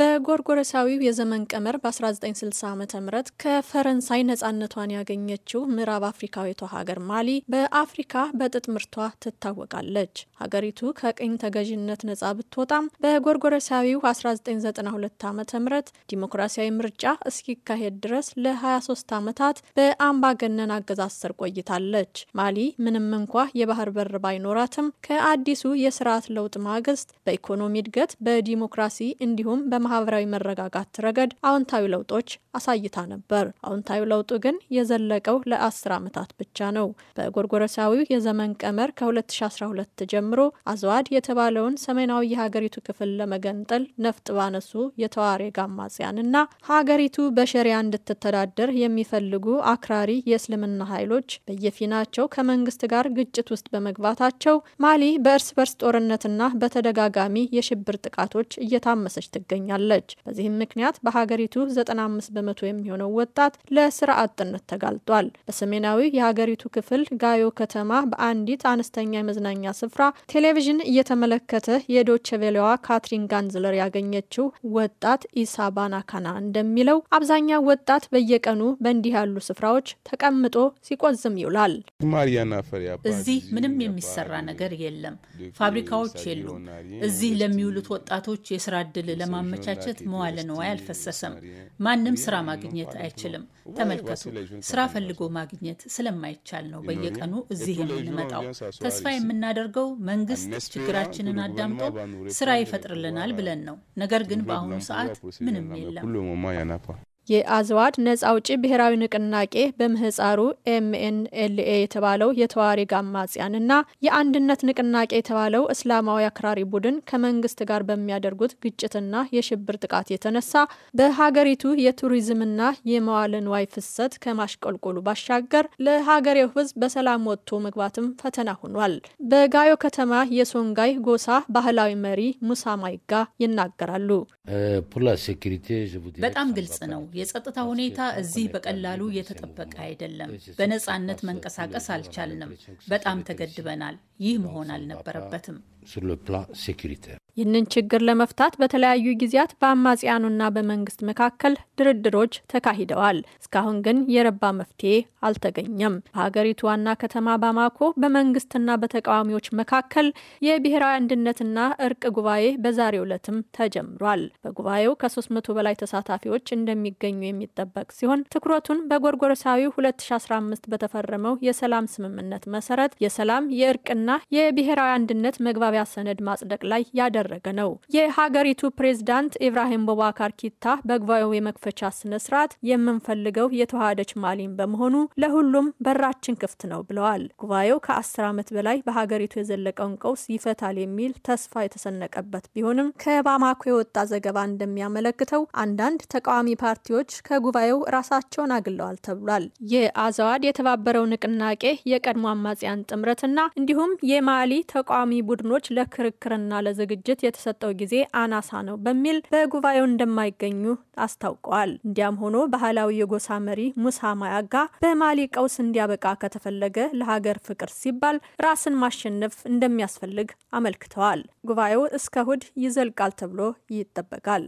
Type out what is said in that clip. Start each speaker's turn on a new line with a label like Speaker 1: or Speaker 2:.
Speaker 1: በጎርጎረሳዊው የዘመን ቀመር በ1960 ዓ ም ከፈረንሳይ ነፃነቷን ያገኘችው ምዕራብ አፍሪካዊቷ ሀገር ማሊ በአፍሪካ በጥጥ ምርቷ ትታወቃለች። ሀገሪቱ ከቅኝ ተገዥነት ነፃ ብትወጣም በጎርጎረሳዊው 1992 ዓ ም ዲሞክራሲያዊ ምርጫ እስኪካሄድ ድረስ ለ23 ዓመታት በአምባገነን አገዛዝ ስር ቆይታለች። ማሊ ምንም እንኳ የባህር በር ባይኖራትም ከአዲሱ የስርዓት ለውጥ ማግስት በኢኮኖሚ እድገት፣ በዲሞክራሲ እንዲሁም በ በማህበራዊ መረጋጋት ረገድ አዎንታዊ ለውጦች አሳይታ ነበር። አዎንታዊ ለውጡ ግን የዘለቀው ለአስር ዓመታት ብቻ ነው። በጎርጎረሳዊው የዘመን ቀመር ከ2012 ጀምሮ አዘዋድ የተባለውን ሰሜናዊ የሀገሪቱ ክፍል ለመገንጠል ነፍጥ ባነሱ የተዋሬግ አማጽያንና ሀገሪቱ በሸሪያ እንድትተዳደር የሚፈልጉ አክራሪ የእስልምና ኃይሎች በየፊናቸው ከመንግስት ጋር ግጭት ውስጥ በመግባታቸው ማሊ በእርስ በርስ ጦርነትና በተደጋጋሚ የሽብር ጥቃቶች እየታመሰች ትገኛል። ትገኛለች። በዚህም ምክንያት በሀገሪቱ 95 በመቶ የሚሆነው ወጣት ለስራ አጥነት ተጋልጧል። በሰሜናዊ የሀገሪቱ ክፍል ጋዮ ከተማ በአንዲት አነስተኛ የመዝናኛ ስፍራ ቴሌቪዥን እየተመለከተ የዶቸቬሌዋ ካትሪን ጋንዝለር ያገኘችው ወጣት ኢሳ ባናካና እንደሚለው አብዛኛው ወጣት በየቀኑ በእንዲህ ያሉ ስፍራዎች
Speaker 2: ተቀምጦ ሲቆዝም ይውላል። እዚህ ምንም የሚሰራ ነገር የለም። ፋብሪካዎች የሉም። እዚህ ለሚውሉት ወጣቶች የስራ እድል ለማመ ለማመቻቸት መዋለ ንዋይ አልፈሰሰም። ማንም ስራ ማግኘት አይችልም። ተመልከቱ፣ ስራ ፈልጎ ማግኘት ስለማይቻል ነው በየቀኑ እዚህ የምንመጣው። ተስፋ የምናደርገው መንግስት ችግራችንን አዳምጦ ስራ ይፈጥርልናል ብለን ነው። ነገር ግን በአሁኑ ሰዓት ምንም የለም።
Speaker 1: የአዝዋድ ነጻ አውጪ ብሔራዊ ንቅናቄ በምህፃሩ ኤምኤንኤልኤ የተባለው የተዋሬግ አማጽያንና የአንድነት ንቅናቄ የተባለው እስላማዊ አክራሪ ቡድን ከመንግስት ጋር በሚያደርጉት ግጭትና የሽብር ጥቃት የተነሳ በሀገሪቱ የቱሪዝምና የመዋለ ንዋይ ፍሰት ከማሽቆልቆሉ ባሻገር ለሀገሬው ሕዝብ በሰላም ወጥቶ መግባትም ፈተና ሆኗል። በጋዮ ከተማ የሶንጋይ ጎሳ ባህላዊ መሪ ሙሳ ማይጋ ይናገራሉ። በጣም
Speaker 2: ግልጽ ነው። የጸጥታ ሁኔታ እዚህ በቀላሉ የተጠበቀ አይደለም። በነጻነት መንቀሳቀስ አልቻልንም። በጣም ተገድበናል። ይህ መሆን አልነበረበትም። ይህንን
Speaker 1: ችግር ለመፍታት በተለያዩ ጊዜያት በአማጽያኑና በመንግስት መካከል ድርድሮች ተካሂደዋል። እስካሁን ግን የረባ መፍትሄ አልተገኘም። በሀገሪቱ ዋና ከተማ ባማኮ በመንግስትና በተቃዋሚዎች መካከል የብሔራዊ አንድነትና እርቅ ጉባኤ በዛሬው ዕለትም ተጀምሯል። በጉባኤው ከ300 በላይ ተሳታፊዎች እንደሚገኙ የሚጠበቅ ሲሆን ትኩረቱን በጎርጎረሳዊ 2015 በተፈረመው የሰላም ስምምነት መሰረት የሰላም የእርቅና የብሔራዊ አንድነት መግባቢያ ሰነድ ማጽደቅ ላይ ያደ እየተደረገ ነው። የሀገሪቱ ፕሬዝዳንት ኢብራሂም ቡባካር ኪታ በጉባኤው የመክፈቻ ስነ ስርዓት የምንፈልገው የተዋሃደች ማሊም በመሆኑ ለሁሉም በራችን ክፍት ነው ብለዋል። ጉባኤው ከአስር ዓመት በላይ በሀገሪቱ የዘለቀውን ቀውስ ይፈታል የሚል ተስፋ የተሰነቀበት ቢሆንም ከባማኮ የወጣ ዘገባ እንደሚያመለክተው አንዳንድ ተቃዋሚ ፓርቲዎች ከጉባኤው ራሳቸውን አግለዋል ተብሏል። የአዘዋድ የተባበረው ንቅናቄ የቀድሞ አማጽያን ጥምረትና እንዲሁም የማሊ ተቃዋሚ ቡድኖች ለክርክርና ለዝግጅት ዝግጅት የተሰጠው ጊዜ አናሳ ነው በሚል በጉባኤው እንደማይገኙ አስታውቀዋል። እንዲያም ሆኖ ባህላዊ የጎሳ መሪ ሙሳ ማያጋ በማሊ ቀውስ እንዲያበቃ ከተፈለገ ለሀገር ፍቅር ሲባል ራስን ማሸነፍ
Speaker 2: እንደሚያስፈልግ አመልክተዋል። ጉባኤው እስከ እሁድ ይዘልቃል ተብሎ ይጠበቃል።